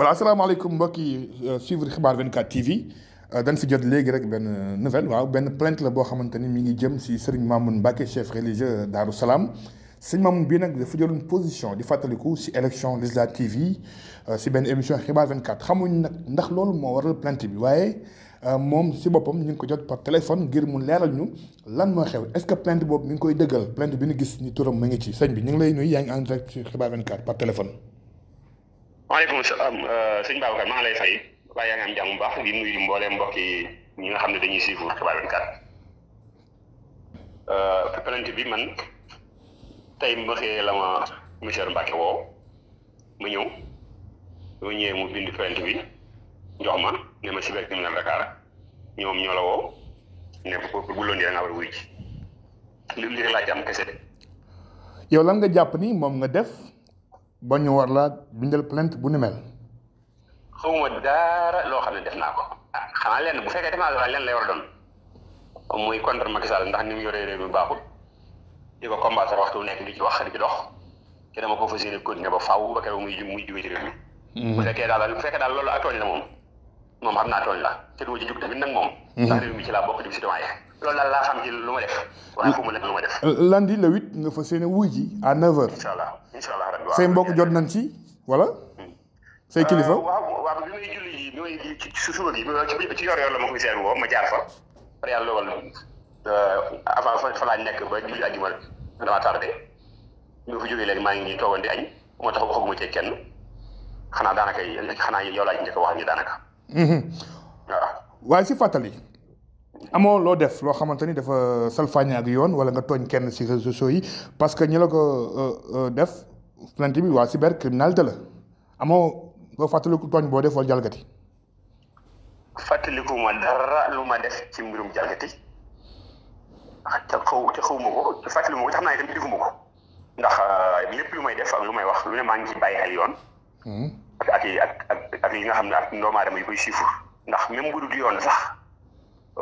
voilà asalaamaaleykum mbokki euh, suivre xibaar 24 TV euh, dañ fi jot léegi rek benn euh, nouvelle waaw benn plainte la boo xamante ni mi ngi jëm si Serigne Mamoun Mbacke chef religieux Darou Salaam Serigne Mamoun bii nag dafa jëloon position di fàttaliku si élection législative yi si benn émission xibaar 24 xamuñ nag ndax loolu moo waral plainte bi waaye moom si boppam ñu ngi ko jot par téléphone ngir mu leeral ñu lan moo xew est-ce que plainte boobu mi ngi koy dëggal plainte bi ñu ni lay nuyu yaa ngi en direct si xibaar maaleykum salaam euh, sëñ Babacar maa ngi lay fay waaye yaa ngi am jàmm bu baax di nuyu mbooleem mbokk ñu nga xam ne dañuy suivre Xibaar 24. Euh, plainte bi man tey ma xëyee la ma monsieur Mbacke woo ma ñëw ma ñëwee mu bind plainte bi jox ma ne ma cybercriminel Dakar ñoom ñoo la ne bu bu loon da war a wuyu ji li li rek kese yow lan nga jàpp ni moom nga def. ba ñu war la bindal plainte bu ni mel. xawma daara loo xam ne def naa ko. ah xanaa lenn bu fekkee def a lenn lay war a doon muy contre Macky Sall ndax ni mu yoree réew mi baaxut o ko combattre waxtu nekk di ci wax di ci dox te dama ko fas yéene continuer ba faaw ba keroog muy muy jóge ci mi. bu mhm. fekkee daal bu fekkee daal loolu ak tooñ la moom moom xam naa tooñ la te du ma ci jug tamit nag moom. Mhm. ndax réew mi ci laa bokk di citoyen loolu daal laa xam lu ma def. waaye xamu nag lu ma def. lundi le huit nga fas yéene wuy ji à neuf mbokk jot nañ si wala. Hmm. say kilifa euh, waa waaw bi may julli ji bi may ci suba yor yor la koy seen woo ma jaar fa. pare yàlla lool euh, avant fa fa laa nekk ba julli àjjuma dama tardé ñu fa jógee léegi maa ngi toogoon di añ moo tax waxaguma ci kenn xanaa daanaka xanaa yow laa ci njëkk a wax ñu daanaka. Hmm. waa waaye si fàttali. amoo loo def loo xamante ni dafa euh, salfaañe ak yoon wala nga tooñ kenn si soo sociaux yi parce que ñi la ko euh, euh, def plainte bi waa cybercriminalité la amoo loo fàttaliku tooñ boo def wala jalgati. fàttaliku ma dara lu ma def ci mbirum jalgati ah, te xaw te xaw ma ko te fàttaliku ma ko te xam naa ne tamit defuma ko ndax lépp lu may def ak lu may wax lu ne maa ngi ci bàyyi xel yoon. Hmm. ak ak ak ak yi nga xam ne ak ndoomu aadama yi ndax même bu dul yoon sax.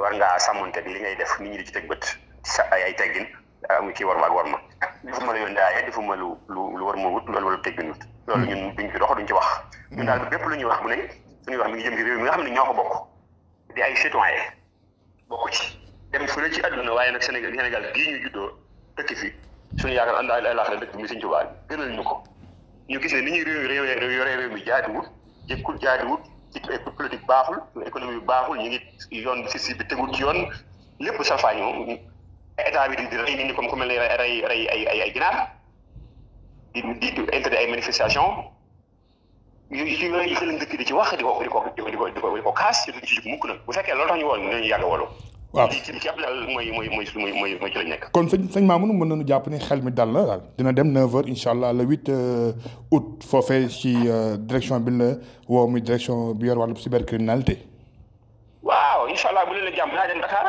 war ngaa sàmmonte li ngay def nit ñi di ci teg bët ci sa ay ay teggin amu ah, ci war ma ak war ma defuma lu yoon daayee defuma lu lu lu war ma wut loolu wala teggin wut loolu ñun duñ ci dox duñ ci wax ñun hmm. lu ñuy wax bu ne suñuy wax mi ngi jëm ci réew nga xam ne ñoo ko bokk di ay citoyen bokk ci dem fu ne ci àdduna waaye nag Sénégal Sénégal gii ñu juddoo dëkk fi suñu yaakaar ànd ay laaxira dëkk bi mu Sëñ Tuubaa gënal ñu ko ñu gis ne ni ñuy yore réew réew réew mi jaadiwut jëkkul jaadiwut cycle politique baaxul économie bi baaxul ñu ngi yoon bi si bi tegul ci yoon lépp salfaañ moom état bi di rey nit ñi comme ku mel rey rey ay ay ay di di intérêt ay manifestation yooyu ci yooyu ci lañ dëkk di ci wax di ko di ko di ko di ko kaas ci mukk nag bu fekkee loolu tax ñu woon nañu yàgg a waaw ci ci ab daal mooy mooy mooy mooy mooy ci lañ nekk. kon sëñ sëñ Mamoune mën nañu jàpp ni xel mi dal la daal dina dem 9h incha allah le 8 euh, août foofee ci euh, direction bi la woo muy direction bi yor wàllu cybercriminalité. waaw incha allah bu leen la jàmm dinaa dem Dakar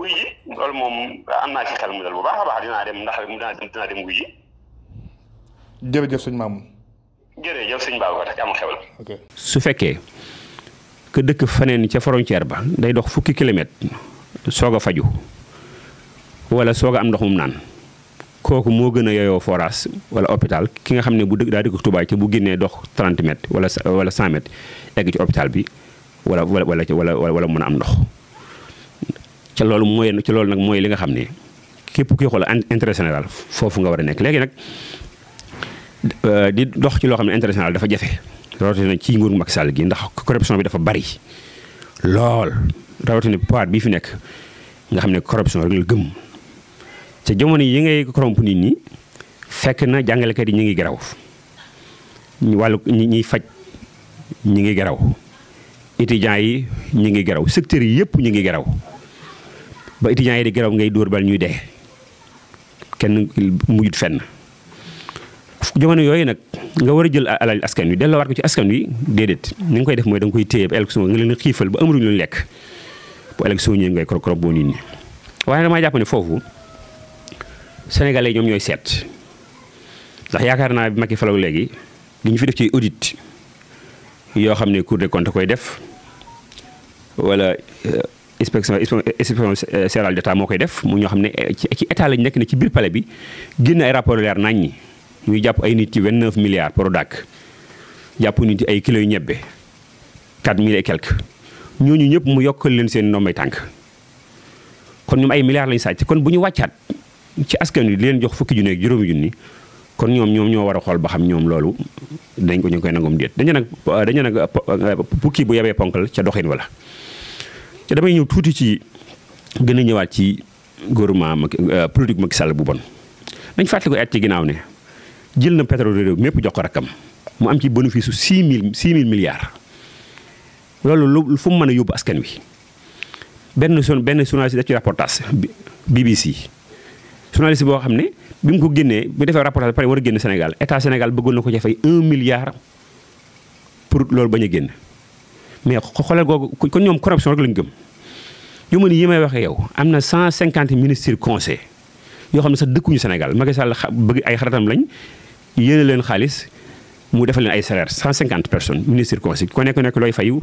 wuy ji loolu moom am naa ci xel mu dal bu baax a baax dinaa dem ndax dinaa dem wuy ji. jërëjëf sëñ Mamoune. jërëjëf sëñ Babacar am xewal. ok su fekkee que dëkk faneen ca frontière ba day dox fukki kilomètre. soog a faju wala soog am ndox mu naan kooku moo gën a yeyoo forage wala hôpital ki nga xam ne bu dëkk daa dëkk Touba ci bu génnee dox 30 mètres wala wala 100 mètres egg ci hôpital bi wala wala wala wala mën a am ndox ca loolu mooy ci loolu nag mooy li nga xam ne képp kuy xool intérêt général foofu nga war a nekk léegi nag euh, di dox ci loo xam ne intérêt dafa jafe rawatina ci nguur Macky Sall gi ndax corruption bi dafa bari lool. rawatina pouvoir bii fi nekk nga xam ne corruption rek la gëm te jamono yi ngay corrompre nit ñi fekk na jàngalekat yi ñu ngi garaw ñu wàll ñi ñuy faj ñu ngi geraw étudiants yi ñu ngi geraw secteur yi yëpp ñu ngi garaw ba étudiants yi di garaw bal ñuy dee kenn mujjut fenn jamono yooyu nag nga war a jël alal askan wi delloowaat ko ci askan wi déedéet ni nga koy def mooy da koy téye ba el nga leen xiifal ba amuñu lu lekk. bu ëllëg soo ñëwee ngay krok krok boo nit ñi waaye damaa jàpp ne foofu sénégalais ñoom ñooy seet ndax yaakaar naa bi Macky falaw léegi li ñu fi def ci audit yoo xam ne Cour des comptes koy def wala euh, inspection inspection générale d'État moo koy def mu ñoo xam ne eh, ci état lañu nekk ne ci biir palais bi génn ay rapport leer nañ ñi ñuy jàpp ay nit ci 29 milliards Prodac jàpp nit ay kilos yu ñebbe 4 mille et quelques ñooñu ñëpp mu yokkal leen seen ndombay tànk kon ñoom ay milliards lañu sàcc kon bu ñu wàccaat ci askan wi leen jox fukki junni ak juróomi junni kon ñoom ñoom ñoo war a xool ba xam ñoom loolu dañ ko ñu koy nangom déet dañu nag dañu nag pukki bu yabee ponkal ca doxin wala ca damay ñëw tuuti ci gën a ñëwaat ci gouvernement Macky euh, politique Macky Sall bu bon dañ fàttali ko at ci ginnaaw ne jël na pétrole réew mépp jox ko rakkam mu am ci bénéfice su 6 000 6 000 milliards loolu lu fu mu mën a yóbbu askan wi benn son benn journaliste def ci rapportage BBC journaliste boo xam ne bi mu ko génnee bu defee rapportage ba pare war a génn Sénégal état Sénégal bëggoon na ko ci fay un milliard pour loolu bañu génn mais xoolal googu ko ñoom corruption rek lañ gëm ñu mën yi may waxee yow am na cent 150 ministres conseil yoo xam ne sax dëkkuñu Sénégal Macky Sall bëgg ay xaritam lañ yéene leen xaalis mu defal ay salaire 150 personnes ministre conseil ku nekk nekk looy fayu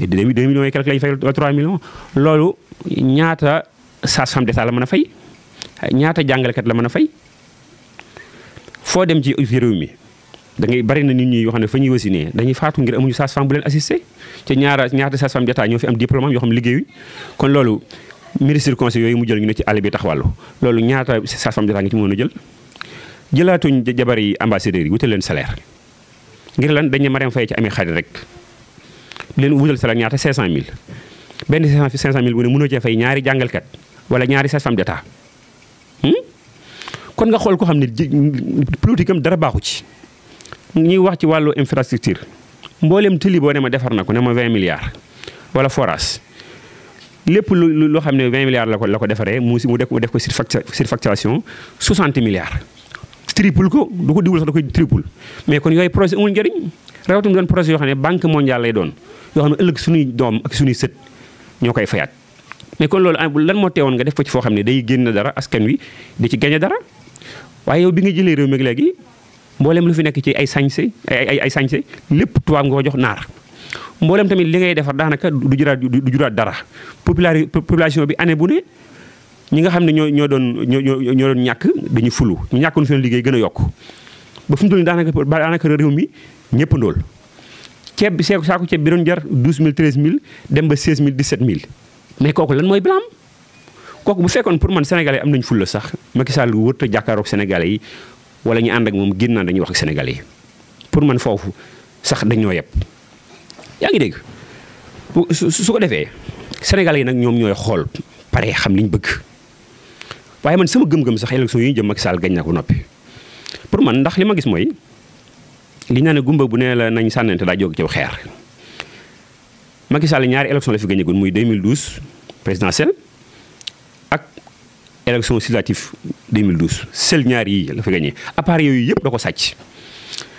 2 millions et quelques lañ fay 3 millions loolu ñaata sage-femme d'État la mën a fay ñaata jàngalekat la mën a fay foo dem ci réew mi da ngay na nit ñi yoo xam ne fa ñuy wasinee dañuy faatu ngir amuñu sage-femme bu leen assisté te ñaara ñaata sage-femme d'État ñoo fi am diplôme am yoo xam liggéeyuñ kon loolu ministre conseil yooyu mu jël ñu ne ci àll bi taxawàllu loolu ñaata sage-femme d'État nga ci mën a jël jëlaatuñ jabar yi ambassadeurs yi wutal leen salaire ngir lan dañ ne Marème Faye ci amee xarit rek leen wutal salaire ñaata 500000 benn 500000 bu ne mënoo cee fay ñaari jàngalkat wala ñaari sa femme d'état hmm? kon nga xool ko xam ne politique am dara baaxu ci ñuy wax ci wàllu infrastructure mboolem tëli boo ne ma defar na ko ne ma vingt milliards wala forage lépp lu loo xam ne 20 milliards la ko la ko defaree mu def ko surfacturation 60 milliards. triple ko du ko diwul sax da koy triple mais kon yooyu projet amul njëriñ rawatina doon projet yoo xam ne banque mondiale doon yoo xam ne ëllëg suñuy doom ak suñuy sët ñoo koy fayaat mais kon loolu ah, lan moo teewoon nga def ko ci foo xam ne day génn dara askan wi di ci gañe dara waaye yow bi nga jëlee réew mi léegi mboolem lu fi nekk ci ay sañse ay ay sañse lépp tubaab nga ko jox naar mboolem tamit li ngay defar daanaka du juraat du juraat dara populari ñi nga xam ne ñoo ñoo doon ñoo ñoo doon ñàkk dañu fulu ñu ñàkkoon seen liggéey gën a yokk ba fi mu toll ba daanaka réew mi ñëpp ndóol ceeb bi seeku saako ceeb bi doon jar 12000 13000 dem ba 16000 17000 mais kooku lan mooy bilaam kooku bu fekkoon pour man sénégalais am nañ nañu la sax Macky Sall wërta jàkkaaroog sénégalais yi wala ñu ànd ak moom génn naa dañuy wax ak sénégalais yi pour man foofu sax dañoo yeb yaa ngi dégg su ko defee sénégalais yi nag ñoom ñooy xool pare xam liñ bëgg. waaye man sama gëm-gëm sax élection yi ñu jëm Macky Sall gañ na ko noppi pour man ndax li ma gis mooy li ñu ne gumba bu nee la nañ sànnante daa jóg ci xeer Macky Sall ñaari élection la fi gañeegoon muy 2012 présidentielle ak élection législative 2012 sel ñaar yi la fi gañee à yooyu yëpp da ko sàcc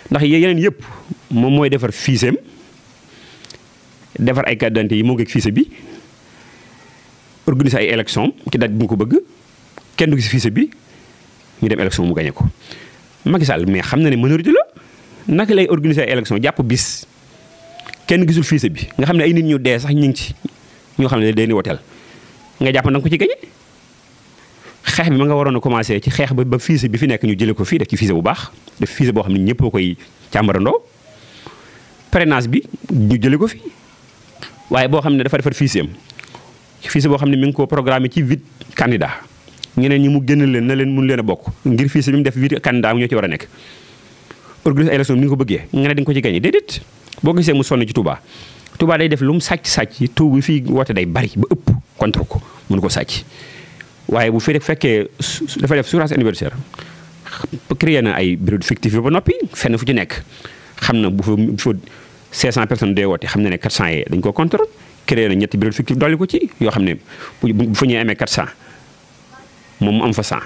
ndax yeneen yëpp moom mooy defar fiiseem defar ay carte yi moo ngeeg fiise bi organiser ay élection ci date mu ko bëgg kenn du gis fichier bi ñu dem élection mu gagné ko Macky Sall mais xam na ne minorité la naka lay organiser ay jàpp bis kenn gisul fichier bi nga xam ne ay nit ñu dee sax ñu ngi ci ñoo xam ne dañuy woteel nga jàpp na ko ci gagné xeex bi ma nga waroon a commencé ci xeex ba ba fiise bi fi nekk ñu jëlee ko fii def ci fichier bu baax def fichier boo xam ne ñëpp koy càmbarandoo parrainage bi ñu jëlee ko fi waaye boo xam ne dafa defar fichier am fichier boo xam ne mi ngi ko programmé ci huit candidats. ñeneen ñi mu génn leen na leen mun leen bokk ngir fii si mu def biir candidat ñoo ci war a nekk organiser élection bi ni nga ko bëggee nga ne di ko ci gagné déedéet boo gisee mu sonn ci tubaa tubaa day def lu mu sàcc-sàcc taw bi fii woote day bari ba ëpp contre ko mun ko sàcc waaye bu fi fekkee dafa def assurance anniversaire créé na ay bureau fictif ba noppi fenn fu ci nekk xam na bu fa bu fa 500 personnes dee woote xam na ne 400 yi dañ ko contre créé na ñetti bureau fictif dolli ko ci yoo xam ne bu fa ñuy amee 400 moom mu am fa 100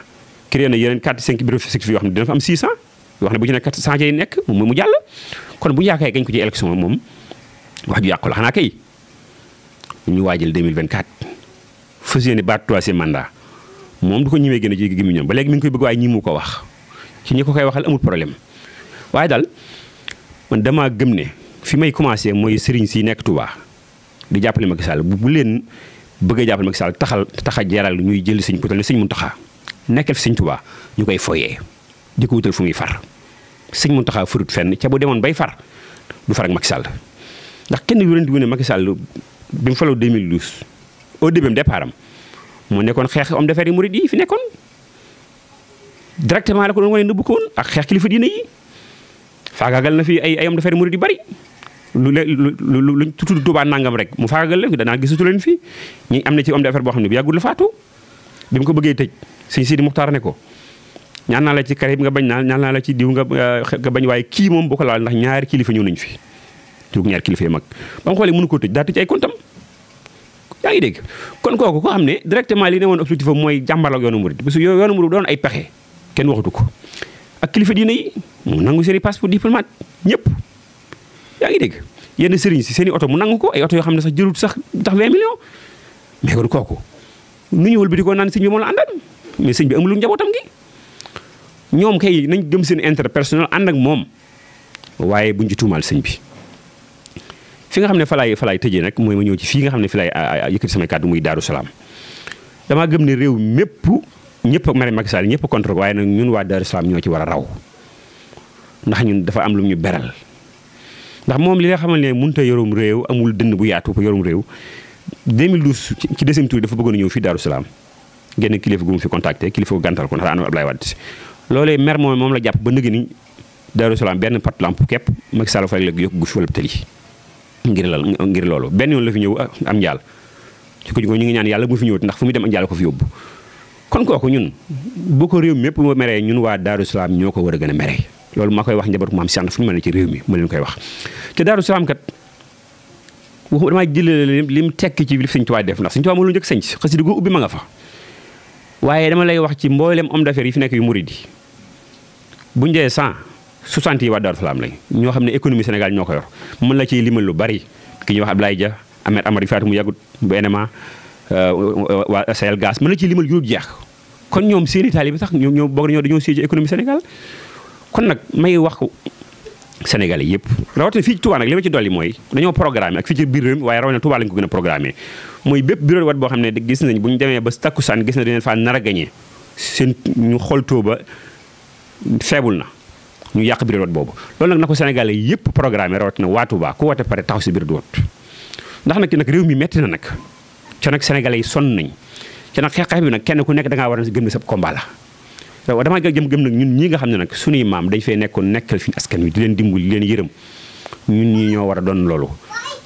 créé na yeneen 4 5 bureaux fictifs yoo dina fa am 600 yoo xam ne bu ci nekk 100 mu jàll kon bu ñu yaakaaree gañ ko ci élection moom wax ju yàqu la xanaa kay ñu waajal 2024 fas yéene baat troisième mandat moom du ko ñëwee gën a jéggi ba léegi mi ngi koy bëgg waaye ñi mu ko wax ci ñu ko koy waxal amul problème waaye daal man dama gëm ne fi may commencé mooy sëriñ si nekk Touba di jàppale Macky Sall bu leen. bëgg a jàppal Macky taxal taxa jaral ñuy jël sëñ ku tal ne sëñ Muntaxa nekkal fi sëñ Tuubaa ñu koy foyee di ko wutal fu muy far sëñ taxa furut fenn ca bu demoon bay far du far ak Macky ndax kenn wérante wu ne Macky Sall bi mu faloo 2012 au début départ am mu nekkoon xeex homme d'affaires yi murid yi fi nekkoon directement la ko doon wane nëbbu ko woon ak xeex kilifa diine yi faagaagal na fi ay ay homme d'affaires murid yu bari lu lu luñ tudd Tuubaa nangam rek mu faagagal leen danaa gisatu leen fii ñi am na ci homme d'affaires boo xam ne bi yàggul la faatu bi mu ko bëggee tëj sëñ Sidi Muxtaar ne ko ñaan naa la ci karib nga bañ naa ñaan naa la ci diw nga euh, nga bañ waaye kii moom bu ko laal ndax ñaari kilifa ñëw nañu fi tuug ñaari kilifa yi mag ba nga xoolee mënu ko tëj daa tëj ay kontam yaa ngi dégg kon kooku ko xam ne directement li ne woon objectif am mooy jàmbarlak yoonu murid parce que yooyu yoonu murid doon ay pexe kenn waxatu ko ak kilifa diine yi mu nangu seen i passeport diplomate ñëpp yaa ngi dégg yenn sëriñ si mu nangu ko ay oto yoo xam ne sax jëlut sax tax 20 millions mais kon kooku nu ñëwal bi di ko naan sëñ bi moom la àndal mais sëñ bi amulul nañ gëm seen intérêt personnel ànd ak moom waaye buñ ci tuumaal sëñ bi fi nga xam ne falaay falaay tëjee nag mooy ma ñëw ci fii nga xam ne fi laay yëkkati samay kàddu muy Daaru Salaam damaa gëm ne réew mépp ñëpp mere Macky Sall ñëpp contre waaye nag ñun waa Daaru ñoo ci war a raw ndax ñun dafa am lu ñu beral ndax moom li nga xamal ne mënut a yorum réew amul dënn bu yaatu ko yorum réew 2012 ci deuxième tour dafa bëggoon a ñëw fii Darou Salaam genn kilifa gu mu fi contacté kilifa gàntal ko ndax ànd ak Ablaye Wade loolee mer moom la jàpp ba nëgg ni Darou Salaam benn pat lamp képp Macky Sall fa rek la yokk gu suwal tëli ngir lal ngir loolu benn yoon la fi ñëw ah, am njaal ci ko ñu ngi ñaan yàlla mu fi ñëw ndax fu mu dem am njaal ko fi yóbbu kon kooku ñun bu ko réew mépp meree ñun waa Darou Salaam ñoo ko war a gën a meree loolu maa koy wax njabootu maam Cheikh fu ñu mën ne ci réew mi ma leen koy wax te Daaru Salaam kat waxuma damaa jëlee li mu tekk ci li Sëñ Tuubaa def ndax Sëñ Tuubaa moo lu njëkk sëñ si xasida gu ubbi ma nga fa waaye dama lay wax ci mboolem homme d'affaires yi fi nekk yu murid yi bu njëyee 100 60 yi waa Daaru Salaam lañ ñoo xam ne économie Sénégal ñoo ko yor mën la ci limal lu bari ki ñuy wax Ablaye Dia Ahmed Amary Fatou mu yàggut bu NMA euh, waa Sahel Gaz mën la ciy limal juróom jeex kon ñoom seeni taalibe sax ñoo bokk ñoo dañoo siy ci économie Sénégal kon nag may wax ko Sénégalais yëpp rawatina fii ci Touba nag li ma ci dolli mooy dañoo programmé ak fii ci biir réew mi waaye rawatina Touba lañ ko gën a programmé mooy bépp bureau de vote boo xam ne gis nañ bu ñu demee ba takkusaan gis na dañu faa nar a gañee seen ñu xool Touba feebul na ñu yàq bureau boobu loolu nag na ko Sénégalais yëpp programmé rawatina waa Touba ku woote pare taxaw si bureau de vote ndax nag nag réew mi metti na nag ca nag Sénégalais yi sonn nañ ca nag xeex bi nag kenn ku nekk da ngaa war a gëm ne sa combat waaw damaa jëm gëm nag ñun ñii nga xam ne nag suñuy maam dañ fay nekkoon nekkal fi askan wi di leen dimbali leen yërëm ñun ñii ñoo war a doon loolu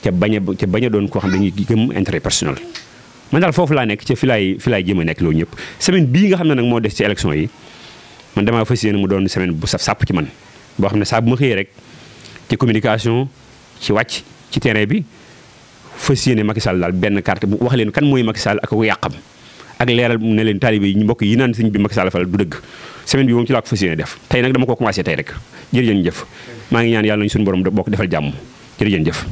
te bañ a te bañ doon koo xam dañuy gëm intérêt personnel man daal foofu laa nekk ci fi laay fi laay a nekk loolu ñëpp semaine bii nga xam ne nag moo des ci élection yi man damaa fas yéene mu doon semaine bu saf sàpp ci man boo xam ne saa bu ma xëyee rek ci communication ci wàcc ci terrain bi fas yéene Macky daal benn carte bu wax leen kan mooy Macky Sall ak ku yàqam ak leeral ne leen taalibe yi mbokk yi naan sëñ bi Macky Sall fal du dëgg semaine bi moom ci laa ko fas yéene def tey nag dama ko commencé tey rek jërëjëf jëf maa ngi ñaan yàlla nañu suñu borom bokk defal jàmm jërëjëf jëf